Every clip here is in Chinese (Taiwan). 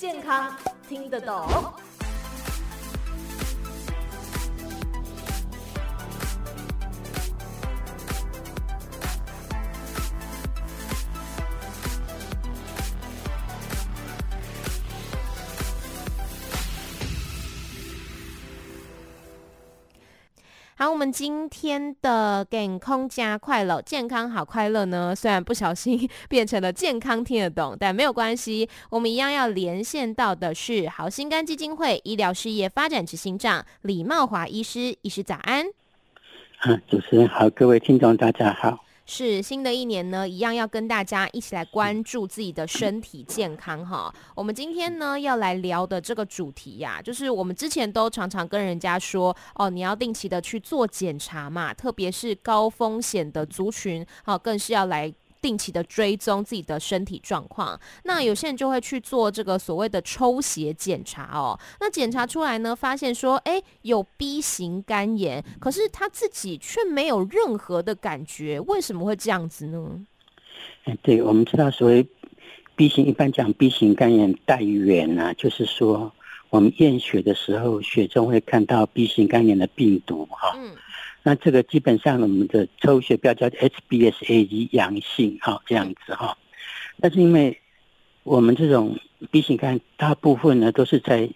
健康聽得懂。好，我們今天的健康加快樂，健康好快樂呢，雖然不小心變成了健康聽得懂，但沒有關係，我們一樣要連線到的是好心肝基金會醫療事業發展執行長李懋華醫師，醫師早安。啊，主持人好，各位聽眾大家好。是新的一年呢，一樣要跟大家一起來關注自己的身體健康哈。我們今天呢要來聊的這個主題呀，就是我們之前都常常跟人家說，哦，你要定期的去做檢查嘛，特別是高風險的族群，好，更是要來。定期的追蹤自己的身體狀況，那有些人就會去做這個所謂的抽血檢查哦。那檢查出來呢，發現說，哎，有 B 型肝炎，可是他自己卻沒有任何的感覺，為什麼會這樣子呢？哎、嗯，對，我們知道所謂 B 型，一般講 B 型肝炎帶原啊，就是說我們驗血的時候，血中會看到 B 型肝炎的病毒哈。嗯。那這個基本上，我們的抽血標叫 HBsAg 陽性，哈、哦，這樣子哈、哦。但是因為我們這種，B 型肝大部分呢都是在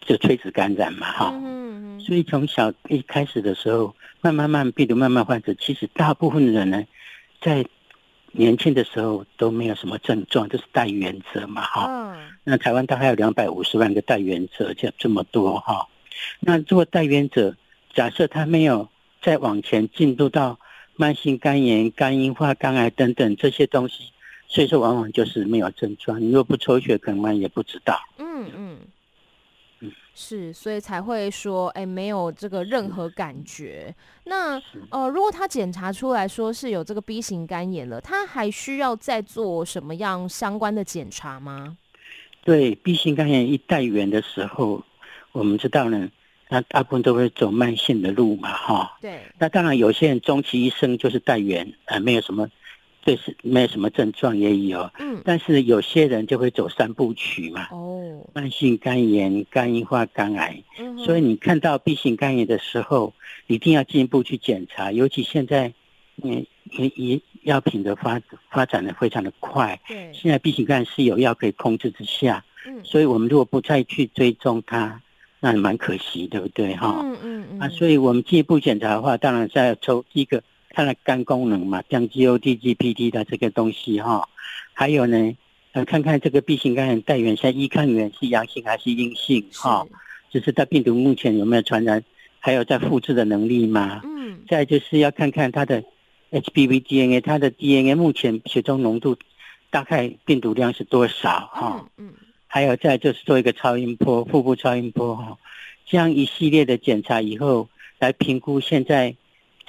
就垂直感染嘛，哈、哦，嗯哼嗯哼，所以從小一開始的時候，慢慢慢病毒慢慢患者，其實大部分人呢，在年輕的時候都沒有什麼症狀，就是帶原者嘛，哈、哦。嗯、那台灣大概有兩百五十萬個帶原者，就這麼多哈、哦。那做帶原者。假設他沒有再往前進入到慢性肝炎、肝硬化、肝癌等等這些東西，所以說往往就是沒有症狀。你若不抽血，可能也不知道。嗯嗯,嗯是，所以才會說，哎、欸，沒有這個任何感覺。是那是呃，如果他檢查出來說是有這個 B 型肝炎了，他還需要再做什麼樣相關的檢查嗎？對，B 型肝炎一帶原的時候，我們知道呢。那大部分都會走慢性的路嘛，哈、哦。對。那當然，有些人終其一生就是帶原，啊、呃，沒有什麼，就是沒有什麼症狀也有。嗯。但是有些人就會走三部曲嘛。哦。慢性肝炎、肝硬化、肝癌。嗯哼。所以你看到 B 型肝炎的時候，你一定要進一步去檢查，尤其現在，嗯、呃，也、呃、藥品的發發展的非常的快。對現在 B 型肝炎是有藥可以控制之下。嗯。所以我們如果不再去追蹤它，那也蠻可惜，對不對哈、嗯？嗯嗯嗯。啊，所以我們進一步檢查的話，當然是要抽一個，看看肝功能嘛，像 GOT、GPT 的這個東西哈、哦。還有呢，要看看這個 B 型肝炎帶原，像 E 抗原是陽性還是陰性哈？就、哦、是，是它病毒目前有沒有傳染，還有在複製的能力嘛？嗯。再就是要看看它的 HBV DNA，它的 DNA 目前血中濃度大概病毒量是多少哈、哦嗯？嗯。還有再就是做一個超音波、腹部超音波這樣一系列的檢查以後，來評估現在。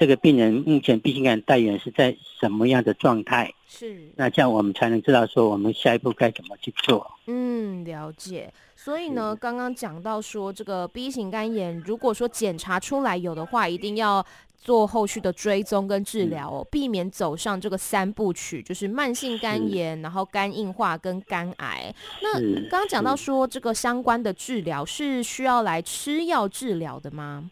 這個病人目前 B 型肝炎帶原是在什麼樣的狀態？是，那這樣我們才能知道說我們下一步該怎麼去做。嗯，了解。所以呢，是剛剛講到說這個 B 型肝炎，如果說檢查出來有的話，一定要做後續的追蹤跟治療哦，嗯，避免走上這個三部曲，就是慢性肝炎，是然後肝硬化跟肝癌。是那剛剛講到說是這個相關的治療是需要來吃藥治療的嗎？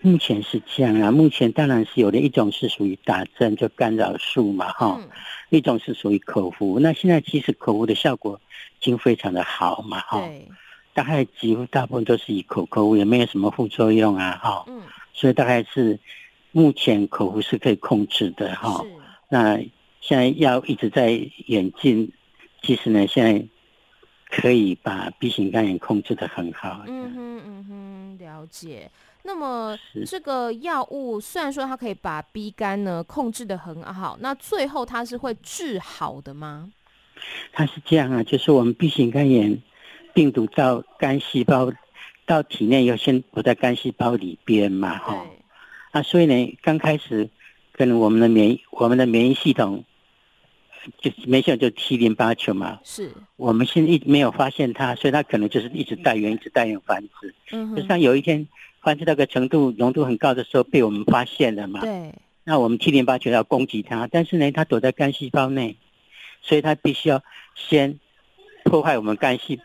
目前是這樣啊，目前當然是有的，一種是屬於打針，就干擾素嘛，哈、嗯，一種是屬於口服。那現在其實口服的效果已經非常的好嘛，哈對。大概幾乎大部分都是以口口服，也沒有什麼副作用啊，哈、嗯。所以大概是目前口服是可以控制的，哈是。那現在藥一直在演進，其實呢，現在可以把 B 型肝炎控制得很好的嗯。嗯嗯嗯。了解，那麼是這個藥物雖然說它可以把 B 肝呢控制得很好，那最後它是會治好的嗎？它是這樣啊，就是我們 B 型肝炎病毒到肝細胞到體內要先躲在肝細胞裡邊嘛，哈對，那、啊、所以呢，剛開始跟我們的免疫我們的免疫系統。就是沒想到就 T 淋巴球嘛，是我們現在一直沒有發現它，所以它可能就是一直帶原，嗯、一直帶原繁殖。嗯哼就像有一天繁殖到個程度，濃度很高的時候被我們發現了嘛。對。那我們 T 淋巴球要攻擊它，但是呢，它躲在肝細胞內，所以它必須要先破壞我們肝細，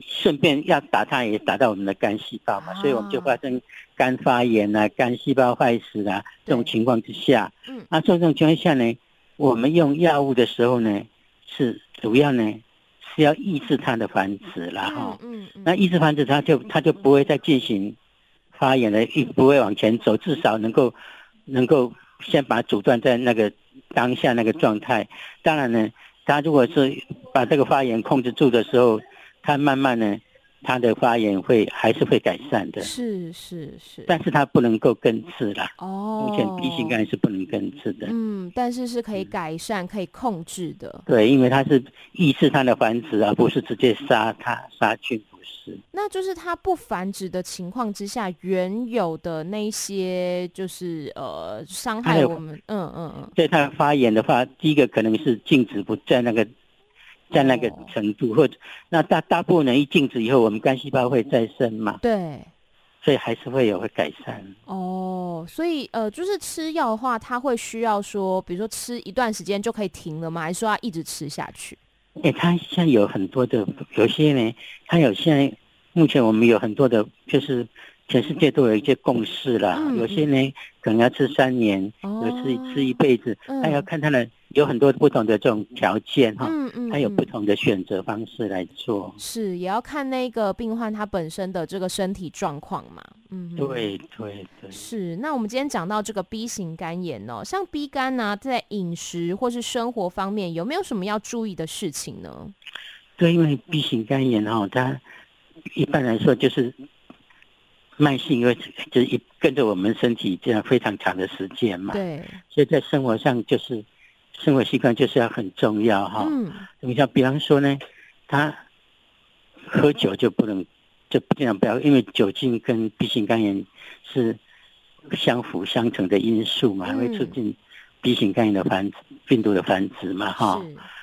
順便要打它也打到我們的肝細胞嘛，啊、所以我們就發生肝發炎啊、肝細胞壞死啊對這種情況之下。嗯。那、啊、這種情況下呢？我們用藥物的時候呢，是主要呢是要抑制它的繁殖，然後嗯，那抑制繁殖，它就它就不會再進行發炎了，不不會往前走，至少能夠能夠先把阻斷在那個當下那個狀態。當然呢，它如果是把這個發炎控制住的時候，它慢慢呢。他的發炎會還是會改善的，是是是，是是，但是它不能夠根治啦。哦，目前 Ｂ 型肝炎是不能根治的。嗯，但是是可以改善，是可以控制的。對，因為它是抑制它的繁殖，啊，而不是直接殺它、殺、嗯、菌，不是。那就是它不繁殖的情況之下，原有的那些就是呃傷害我們。嗯嗯有嗯。嗯，對，他發炎的話，第一個可能是禁止不在那個。在那個程度，哦、或者那大大部分人一靜止以後，我們肝細胞會再生嘛？對，所以還是會有會改善。哦，所以呃，就是吃藥的話，它會需要說，比如說吃一段時間就可以停了嗎？還是說要一直吃下去？哎、欸，它現在有很多的有些人，它有現在目前我們有很多的，就是。全世界都有一些共識了，嗯、有些人可能要吃三年，哦、有些吃吃一輩子，他、嗯、要看他的有很多不同的這種條件哈，它、嗯嗯、有不同的選擇方式來做。是，也要看那個病患，他本身的這個身體狀況嘛。嗯，對對對。對對是，那我們今天講到這個 B 型肝炎哦、喔，像 B 肝呢、啊，在飲食或是生活方面有沒有什麼要注意的事情呢？對，因為 B 型肝炎哦、喔，它一般來說就是。慢性因為就是一跟着我們身體這樣非常長的時間嘛，對，所以在生活上就是生活習慣就是要很重要哈。嗯，你像比，比方說呢，他喝酒就不能就儘量不要，因為酒精跟 B 型肝炎是相輔相成的因素嘛，會、嗯、促進 B 型肝炎的繁殖，病毒的繁殖嘛哈。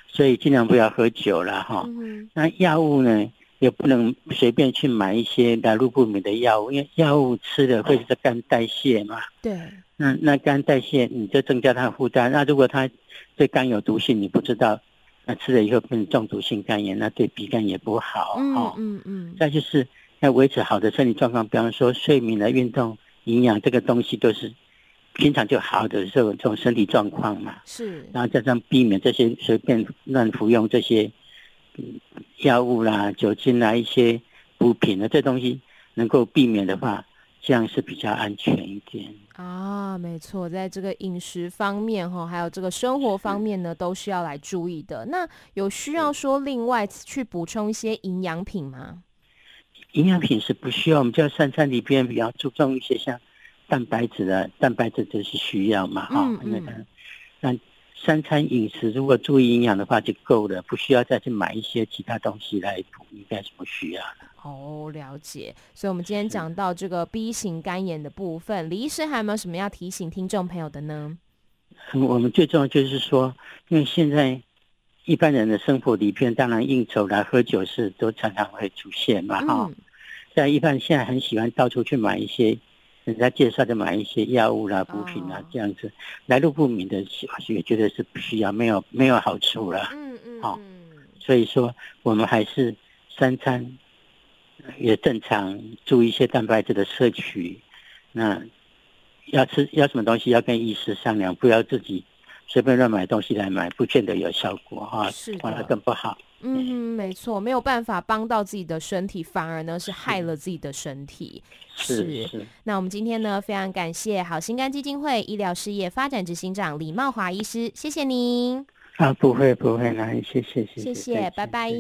是，所以儘量不要喝酒了哈。嗯，那藥物呢？也不能隨便去買一些來路不明的藥物，因為藥物吃了會是肝代謝嘛。哦、對，那那肝代謝你就增加它的負擔。那如果它對肝有毒性，你不知道，那吃了以後變成中毒性肝炎，那對 B 肝也不好。嗯、哦、嗯嗯。再、嗯嗯、就是要維持好的身體狀況，比方說睡眠、的運動、營養，這個東西都是平常就好的這種這種身體狀況嘛。是。然後加上避免這些隨便亂服用這些。藥物啦、酒精啦、一些補品呢，這東西能夠避免的話，嗯、這樣是比較安全一點。啊，沒錯，在這個飲食方面哈，還有這個生活方面呢，都是要來注意的。那有需要說另外去補充一些營養品嗎？營養品是不需要，我們叫三餐裡邊比較注重一些，像蛋白質的，蛋白質就是需要嘛，哈、嗯嗯哦，那嗯。那三餐飲食，如果注意營養的話就夠了，不需要再去買一些其他東西來補，應該是不需要的。哦，了解。所以，我們今天講到這個 B 型肝炎的部分，是李醫師還有沒有什麼要提醒聽眾朋友的呢？嗯？我們最重要就是說，因為現在一般人的生活裡邊，當然應酬、來喝酒是都常常會出現嘛，哈、嗯。現、哦、一般現在很喜歡到處去買一些。人家介紹的買一些藥物啦、補品啦，這樣子、oh. 來路不明的，也覺得是不需要，沒有沒有好處了。嗯嗯、mm，好、hmm. 哦，所以說我們還是三餐也正常，注意一些蛋白質的攝取。那要吃要什麼東西，要跟醫師商量，不要自己。隨便亂買東西來買，不見得有效果哈，啊，反而更不好。嗯，對沒錯，沒有辦法幫到自己的身體，反而呢是害了自己的身體。是是。是是，那我們今天呢，非常感謝好心肝基金會醫療事業發展執行長李懋華醫師，謝謝您！啊，不會不會來，謝謝謝謝。謝謝，拜拜。